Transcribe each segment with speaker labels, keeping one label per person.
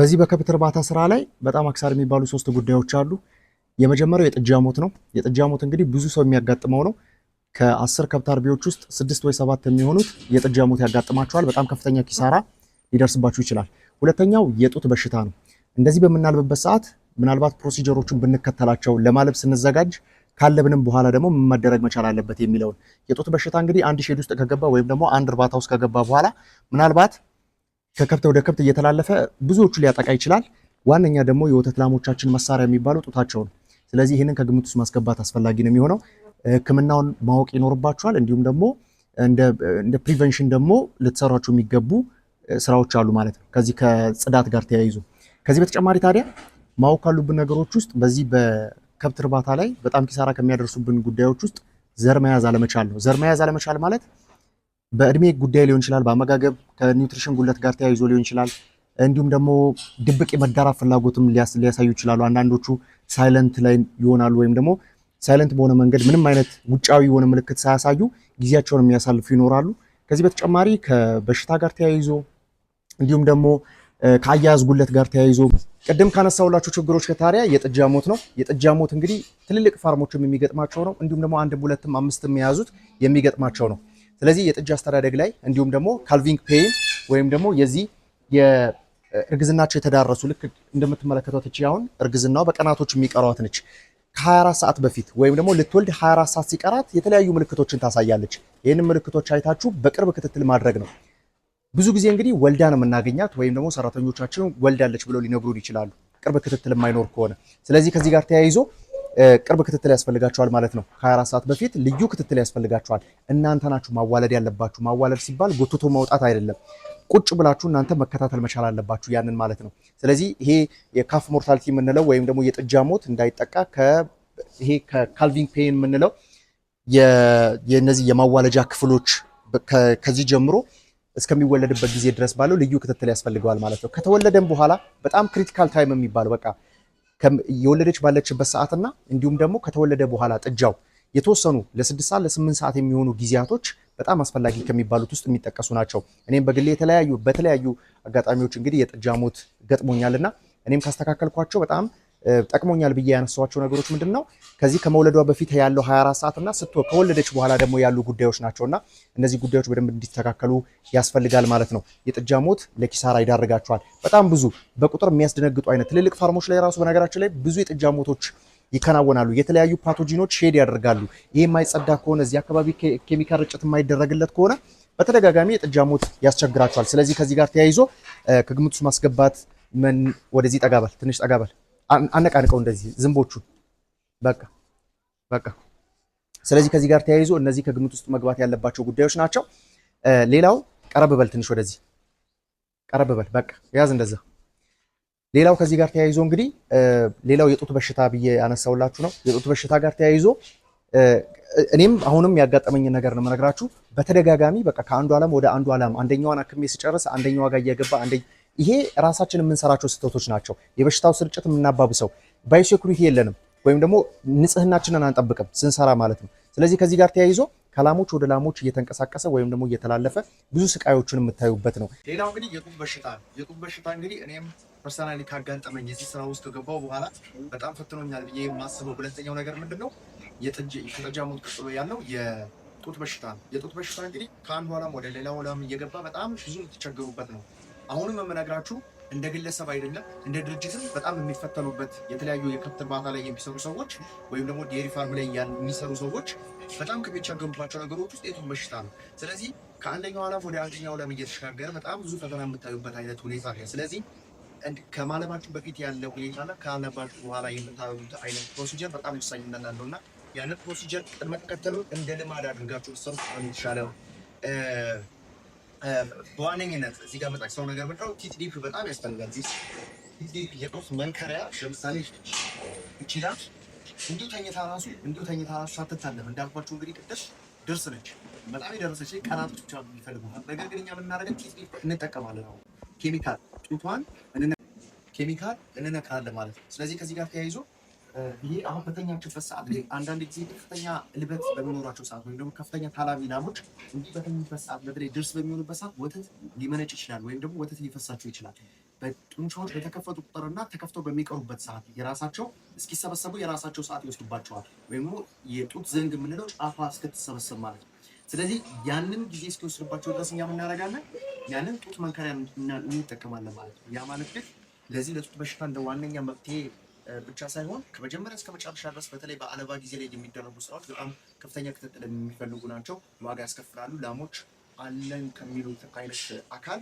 Speaker 1: በዚህ በከብት እርባታ ስራ ላይ በጣም አክሳር የሚባሉ ሶስት ጉዳዮች አሉ። የመጀመሪያው የጥጃ ሞት ነው። የጥጃ ሞት እንግዲህ ብዙ ሰው የሚያጋጥመው ነው። ከአስር ከብት አርቢዎች ውስጥ ስድስት ወይ ሰባት የሚሆኑት የጥጃ ሞት ያጋጥማቸዋል። በጣም ከፍተኛ ኪሳራ ሊደርስባቸው ይችላል። ሁለተኛው የጡት በሽታ ነው። እንደዚህ በምናልብበት ሰዓት ምናልባት ፕሮሲጀሮቹን ብንከተላቸው ለማለብ ስንዘጋጅ ካለብንም በኋላ ደግሞ መደረግ መቻል አለበት የሚለውን የጡት በሽታ እንግዲህ አንድ ሼድ ውስጥ ከገባ ወይም ደግሞ አንድ እርባታ ውስጥ ከገባ በኋላ ምናልባት ከከብት ወደ ከብት እየተላለፈ ብዙዎቹ ሊያጠቃ ይችላል። ዋነኛ ደግሞ የወተት ላሞቻችን መሳሪያ የሚባለው ጡታቸው ነው። ስለዚህ ይህንን ከግምት ውስጥ ማስገባት አስፈላጊ ነው የሚሆነው። ሕክምናውን ማወቅ ይኖርባቸዋል እንዲሁም ደግሞ እንደ ፕሪቨንሽን ደግሞ ልትሰሯቸው የሚገቡ ስራዎች አሉ ማለት ነው፣ ከዚህ ከጽዳት ጋር ተያይዞ። ከዚህ በተጨማሪ ታዲያ ማወቅ ካሉብን ነገሮች ውስጥ በዚህ በከብት እርባታ ላይ በጣም ኪሳራ ከሚያደርሱብን ጉዳዮች ውስጥ ዘር መያዝ አለመቻል ነው። ዘር መያዝ አለመቻል ማለት በእድሜ ጉዳይ ሊሆን ይችላል፣ በአመጋገብ ከኒውትሪሽን ጉለት ጋር ተያይዞ ሊሆን ይችላል። እንዲሁም ደግሞ ድብቅ የመዳራት ፍላጎትም ሊያሳዩ ይችላሉ። አንዳንዶቹ ሳይለንት ላይ ይሆናሉ ወይም ደግሞ ሳይለንት በሆነ መንገድ ምንም አይነት ውጫዊ የሆነ ምልክት ሳያሳዩ ጊዜያቸውን የሚያሳልፉ ይኖራሉ። ከዚህ በተጨማሪ ከበሽታ ጋር ተያይዞ እንዲሁም ደግሞ ከአያያዝ ጉለት ጋር ተያይዞ ቅድም ካነሳውላቸው ችግሮች ከታሪያ የጥጃ ሞት ነው። የጥጃ ሞት እንግዲህ ትልልቅ ፋርሞችም የሚገጥማቸው ነው። እንዲሁም ደግሞ አንድም ሁለትም አምስትም የያዙት የሚገጥማቸው ነው። ስለዚህ የጥጃ አስተዳደግ ላይ እንዲሁም ደግሞ ካልቪንግ ፔይን ወይም ደግሞ የዚህ የእርግዝናቸው የተዳረሱ ልክ እንደምትመለከቷት እቺ አሁን እርግዝናው በቀናቶች የሚቀሯት ነች። ከ24 ሰዓት በፊት ወይም ደግሞ ልትወልድ 24 ሰዓት ሲቀራት የተለያዩ ምልክቶችን ታሳያለች። ይህንን ምልክቶች አይታችሁ በቅርብ ክትትል ማድረግ ነው። ብዙ ጊዜ እንግዲህ ወልዳ ነው የምናገኛት ወይም ደግሞ ሰራተኞቻችን ወልዳለች ብለው ሊነግሩን ይችላሉ፣ ቅርብ ክትትል የማይኖር ከሆነ። ስለዚህ ከዚህ ጋር ተያይዞ ቅርብ ክትትል ያስፈልጋቸዋል ማለት ነው። ከ24 ሰዓት በፊት ልዩ ክትትል ያስፈልጋቸዋል። እናንተ ናችሁ ማዋለድ ያለባችሁ። ማዋለድ ሲባል ጎትቶ ማውጣት አይደለም። ቁጭ ብላችሁ እናንተ መከታተል መቻል አለባችሁ፣ ያንን ማለት ነው። ስለዚህ ይሄ የካፍ ሞርታሊቲ የምንለው ወይም ደግሞ የጥጃ ሞት እንዳይጠቃ ይሄ ከካልቪንግ ፔን የምንለው የነዚህ የማዋለጃ ክፍሎች ከዚህ ጀምሮ እስከሚወለድበት ጊዜ ድረስ ባለው ልዩ ክትትል ያስፈልገዋል ማለት ነው። ከተወለደም በኋላ በጣም ክሪቲካል ታይም የሚባል በቃ የወለደች ባለችበት ሰዓትና እንዲሁም ደግሞ ከተወለደ በኋላ ጥጃው የተወሰኑ ለስድስት ሰዓት ለስምንት ሰዓት የሚሆኑ ጊዜያቶች በጣም አስፈላጊ ከሚባሉት ውስጥ የሚጠቀሱ ናቸው። እኔም በግሌ የተለያዩ በተለያዩ አጋጣሚዎች እንግዲህ የጥጃ ሞት ገጥሞኛልና እኔም ካስተካከልኳቸው በጣም ጠቅሞኛል ብዬ ያነሷቸው ነገሮች ምንድን ነው? ከዚህ ከመውለዷ በፊት ያለው 24 ሰዓት እና ስትወ ከወለደች በኋላ ደግሞ ያሉ ጉዳዮች ናቸው እና እነዚህ ጉዳዮች በደንብ እንዲስተካከሉ ያስፈልጋል ማለት ነው። የጥጃ ሞት ለኪሳራ ይዳርጋቸዋል። በጣም ብዙ በቁጥር የሚያስደነግጡ አይነት ትልልቅ ፋርሞች ላይ ራሱ በነገራችን ላይ ብዙ የጥጃ ሞቶች ይከናወናሉ። የተለያዩ ፓቶጂኖች ሼድ ያደርጋሉ። ይህ የማይጸዳ ከሆነ እዚህ አካባቢ ኬሚካል ርጭት የማይደረግለት ከሆነ በተደጋጋሚ የጥጃ ሞት ያስቸግራቸዋል። ስለዚህ ከዚህ ጋር ተያይዞ ከግምት ውስጥ ማስገባት ወደዚህ ጠጋበል ትንሽ ጠጋበል አነቃንቀው እንደዚህ ዝንቦቹን በቃ በቃ። ስለዚህ ከዚህ ጋር ተያይዞ እነዚህ ከግምት ውስጥ መግባት ያለባቸው ጉዳዮች ናቸው። ሌላው ቀረብ በል ትንሽ ወደዚህ ቀረብ በል በቃ ያዝ እንደዛ። ሌላው ከዚህ ጋር ተያይዞ እንግዲህ ሌላው የጡት በሽታ ብዬ ያነሳውላችሁ ነው። የጡት በሽታ ጋር ተያይዞ እኔም አሁንም ያጋጠመኝ ነገር ነው የምነግራችሁ። በተደጋጋሚ በቃ ከአንዱ ዓለም ወደ አንዱ ዓለም አንደኛዋን አክሜ ስጨርስ አንደኛዋ ጋር እየገባ ይሄ ራሳችን የምንሰራቸው ስህተቶች ናቸው። የበሽታው ስርጭት የምናባብሰው ባዮሴኩሪቲ የለንም ወይም ደግሞ ንጽህናችንን አንጠብቅም ስንሰራ ማለት ነው። ስለዚህ ከዚህ ጋር ተያይዞ ከላሞች ወደ ላሞች እየተንቀሳቀሰ ወይም ደግሞ እየተላለፈ ብዙ ስቃዮችን የምታዩበት ነው።
Speaker 2: ሌላው እንግዲህ የጡብ በሽታ ነው። የጡብ በሽታ እንግዲህ እኔም ፐርሰናሊ ካጋጠመኝ የዚህ ስራ ውስጥ ከገባው በኋላ በጣም ፈትኖኛል ብዬ የማስበው ሁለተኛው ነገር ምንድን ነው ከጠጃሙት ቅጥሎ ያለው የጡት በሽታ ነው። የጡት በሽታ እንግዲህ ከአንዱ ላም ወደ ሌላው ላም እየገባ በጣም ብዙ የምትቸገሩበት ነው። አሁንም የምነግራችሁ እንደ ግለሰብ አይደለም እንደ ድርጅትም በጣም የሚፈተኑበት የተለያዩ የከብት እርባታ ላይ የሚሰሩ ሰዎች ወይም ደግሞ ዴሪ ፋርም ላይ የሚሰሩ ሰዎች በጣም ከሚቸገሩባቸው ነገሮች ውስጥ የቱን በሽታ ነው። ስለዚህ ከአንደኛው ዓለም ወደ አንደኛው ለም እየተሸጋገረ በጣም ብዙ ፈተና የምታዩበት አይነት ሁኔታ ነው። ስለዚህ ከማለባችሁ በፊት ያለ ሁኔታና ከአለማችሁ በኋላ የምታዩት አይነት ፕሮሲጀር በጣም ወሳኝነት አለው እና ያንን ፕሮሲጀር ቅድመ ተከተሉ እንደ ልማድ አድርጋችሁ ሰሩ የተሻለ ነው። በዋነኝነት እዚህ ጋር መጣ ሰው ነገር ምንድነው ቲትዲፕ በጣም ያስፈልጋል። ቲት ቲትዲፕ የጦስ መንከሪያ ለምሳሌ እችላ እንዲ ተኝታ ራሱ እንዲ ተኝታ ራሱ ሳትታለም እንዳልኳቸው እንግዲህ ቅድስ ደርስ ነች በጣም የደረሰች ቀናቶች ብቻ የሚፈልጉ ነገር ግን እኛ የምናደርገን ቲትዲፕ ዲፕ እንጠቀማለን። አሁን ኬሚካል ጡቷን ኬሚካል እንነካለን ማለት ነው። ስለዚህ ከዚህ ጋር ተያይዞ ይሄ አሁን በተኛችሁበት ሰዓት ላይ አንዳንድ ጊዜ ከፍተኛ ልበት በሚኖራቸው ሰዓት ወይም ደግሞ ከፍተኛ ታላቢ ላሞች እንዲህ በተኙበት ሰዓት በተለይ ድርስ በሚሆኑበት ሰዓት ወተት ሊመነጭ ይችላል፣ ወይም ደግሞ ወተት ሊፈሳቸው ይችላል። በጡንቻዎች በተከፈቱ ቁጥርና ተከፍተው በሚቀሩበት ሰዓት የራሳቸው እስኪሰበሰቡ የራሳቸው ሰዓት ይወስድባቸዋል፣ ወይም ደግሞ የጡት ዘንግ የምንለው ጫፏ እስክትሰበሰብ ማለት ነው። ስለዚህ ያንን ጊዜ እስኪወስድባቸው ድረስ እኛ ምናደርጋለን፣ ያንን ጡት መንከሪያ እንጠቀማለን ማለት ነው። ያ ማለት ግን ለዚህ ለጡት በሽታ እንደ ዋነኛ መፍትሄ ብቻ ሳይሆን ከመጀመሪያ እስከ መጨረሻ ድረስ በተለይ በአለባ ጊዜ ላይ የሚደረጉ ስራዎች በጣም ከፍተኛ ክትትል የሚፈልጉ ናቸው፣ ዋጋ ያስከፍላሉ። ላሞች አለን ከሚሉት አይነት አካል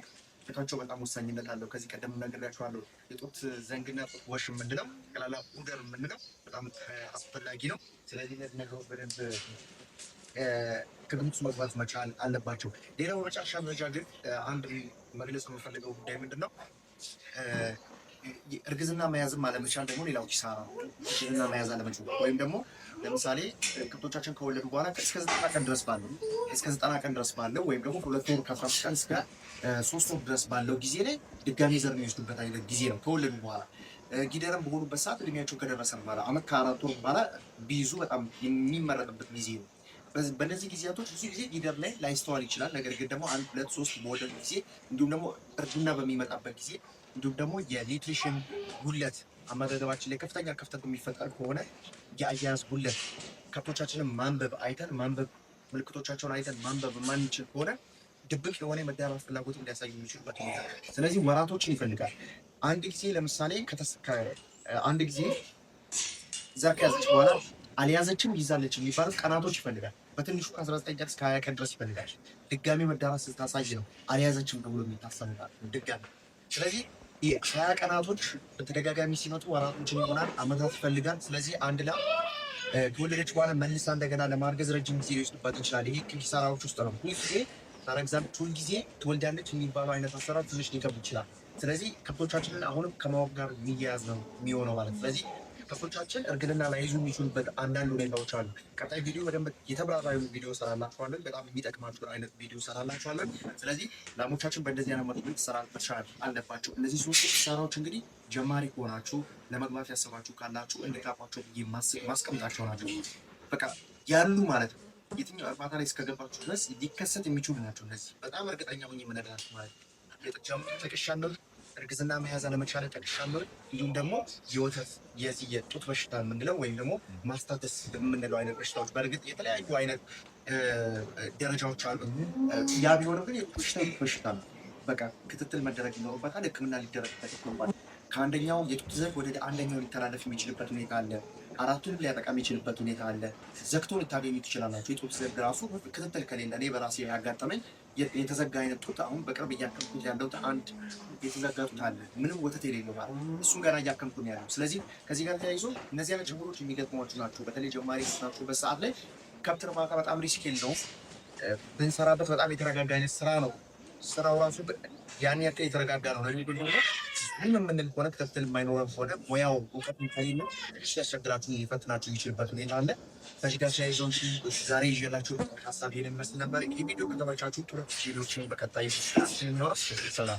Speaker 2: ጥቃቸው በጣም ወሳኝነት አለው። ከዚህ ቀደም ነግሬያችኋለሁ። የጡት ዘንግና ጡት ወሽ የምንለው ቀላላ ኡደር የምንለው በጣም አስፈላጊ ነው። ስለዚህ እነዚህ ነገሮ በደንብ ከግምት መግባት መቻል አለባቸው። ሌላው በመጨረሻ መረጃ ግን አንድ መግለጽ የምፈልገው ጉዳይ ምንድን ነው? እርግዝና መያዝም አለመቻል ደግሞ ሌላው ኪሳራ ነው። እርግዝና መያዝ አለመቻል ወይም ደግሞ ለምሳሌ ከብቶቻችን ከወለዱ በኋላ እስከ ዘጠና ቀን ድረስ ባለው እስከ ዘጠና ቀን ድረስ ባለው ወይም ደግሞ ሁለት ወር ከአስራ አምስት ቀን እስከ ሶስት ወር ድረስ ባለው ጊዜ ላይ ድጋሚ ዘር የሚወስዱበት አይነት ጊዜ ነው ከወለዱ በኋላ። ጊደርም በሆኑበት ሰዓት እድሜያቸው ከደረሰ በኋላ አመት ከአራት ወር በኋላ ቢይዙ በጣም የሚመረጥበት ጊዜ ነው። በእነዚህ ጊዜያቶች ብዙ ጊዜ ጊደር ላይ ላይስተዋል ይችላል። ነገር ግን ደግሞ አንድ ሁለት ሶስት በወለዱ ጊዜ እንዲሁም ደግሞ እርግዝና በሚመጣበት ጊዜ እንዲሁም ደግሞ የኒትሪሽን ጉለት አመጋገባችን ላይ ከፍተኛ ክፍተት የሚፈጠር ከሆነ የአያያዝ ጉለት ከብቶቻችንን ማንበብ አይተን ማንበብ ምልክቶቻቸውን አይተን ማንበብ የማንችል ከሆነ ድብቅ የሆነ የመዳራት ፍላጎት ሊያሳዩ የሚችሉበት ሁኔታ ስለዚህ ወራቶችን ይፈልጋል። አንድ ጊዜ ለምሳሌ አንድ ጊዜ ዘር ከያዘች በኋላ አልያዘችም ይዛለች የሚባሉት ቀናቶች ይፈልጋል። በትንሹ ከ19 ቀን እስከ 20 ቀን ድረስ ይፈልጋል። ድጋሚ መዳራት ስታሳይ ነው አልያዘችም ተብሎ የሚታሰብ ድጋሚ ስለዚህ ሀያ ቀናቶች በተደጋጋሚ ሲመጡ ወራቶችን ይሆናል፣ አመታት ይፈልጋል። ስለዚህ አንድ ላ ከወለደች በኋላ መልሳ እንደገና ለማርገዝ ረጅም ጊዜ ሊወስድባት ይችላል። ይሄ ኪሳራዎች ውስጥ ነው። ሁል ጊዜ ፎር ሁል ጊዜ ትወልዳለች የሚባለው አይነት አሰራር ትንሽ ሊከብድ ይችላል። ስለዚህ ከብቶቻችንን አሁንም ከማወቅ ጋር የሚያያዝ ነው የሚሆነው ማለት ስለዚህ ተከታዮቻችን እርግዝና ላይ ይዙ የሚችሉበት አንዳንድ ሁኔታዎች አሉ። ቀጣይ ቪዲዮ በደንብ የተብራራ ቪዲዮ ሰራላችኋለን። በጣም የሚጠቅማችሁ አይነት ቪዲዮ ሰራላችኋለን። ስለዚህ ላሞቻችን በእንደዚህ አይነት መልኩ ሰራ ብቻ አለባቸው። እነዚህ ሶስት ሰራዎች እንግዲህ ጀማሪ ከሆናችሁ ለመግባት ያሰባችሁ ካላችሁ እንድታቋቸው ብዬ ማስቀምጣቸው ናቸው። በቃ ያሉ ማለት ነው። የትኛው እርባታ ላይ እስከገባችሁ ድረስ ሊከሰት የሚችሉ ናቸው። እነዚህ በጣም እርግጠኛ ሆኜ የምነግራችሁ ማለት ነው። ተቀሻ እርግዝና መያዝ አለመቻለ ጠቅሻምር እንዲሁም ደግሞ የወተት የዚህ የጡት በሽታ የምንለው ወይም ደግሞ ማስታተስ የምንለው አይነት በሽታዎች በእርግጥ የተለያዩ አይነት ደረጃዎች አሉ። ያ ቢሆንም ግን የጡት በሽታ ነው። በቃ ክትትል መደረግ ይኖርበታል። ሕክምና ሊደረግበት ከአንደኛው የጡት ዘር ወደ አንደኛው ሊተላለፍ የሚችልበት ሁኔታ አለ። አራቱንም ሊያጠቃ የሚችልበት ሁኔታ አለ። ዘግቶ ልታገኙ ትችላላችሁ። የጡት ዘግ ራሱ ክትትል ከሌለ እኔ በራሴ ያጋጠመኝ የተዘጋ አይነት ጡት አሁን በቅርብ እያከምኩት ያለው አንድ የተዘጋ ጡት አለ፣ ምንም ወተት የሌለው ማለት እሱም ገና እያከምኩ ነው ያለው። ስለዚህ ከዚህ ጋር ተያይዞ እነዚህ አይነት ችግሮች የሚገጥሟችሁ ናቸው። በተለይ ጀማሪ ናችሁበት ሰዓት ላይ ከብት እርባታ በጣም ሪስክ የለውም። ብንሰራበት በጣም የተረጋጋ አይነት ስራ ነው። ስራው ራሱ ያን ያክል የተረጋጋ ነው ለሚ ህልም የምንል ከሆነ ክትትል የማይኖረን ከሆነ ሙያው እውቀት ከሌለ ሲያስቸግራችሁ ሊፈትናችሁ ይችልበት ሁኔታ አለ። ከዚህ ጋር ተያይዞ ዛሬ ይዤላችሁ ሀሳብ ይህን ይመስል ነበር። ይህ ቪዲዮ ከተመቻችሁ ቱረት ሌሎችን በቀጣይ ስራ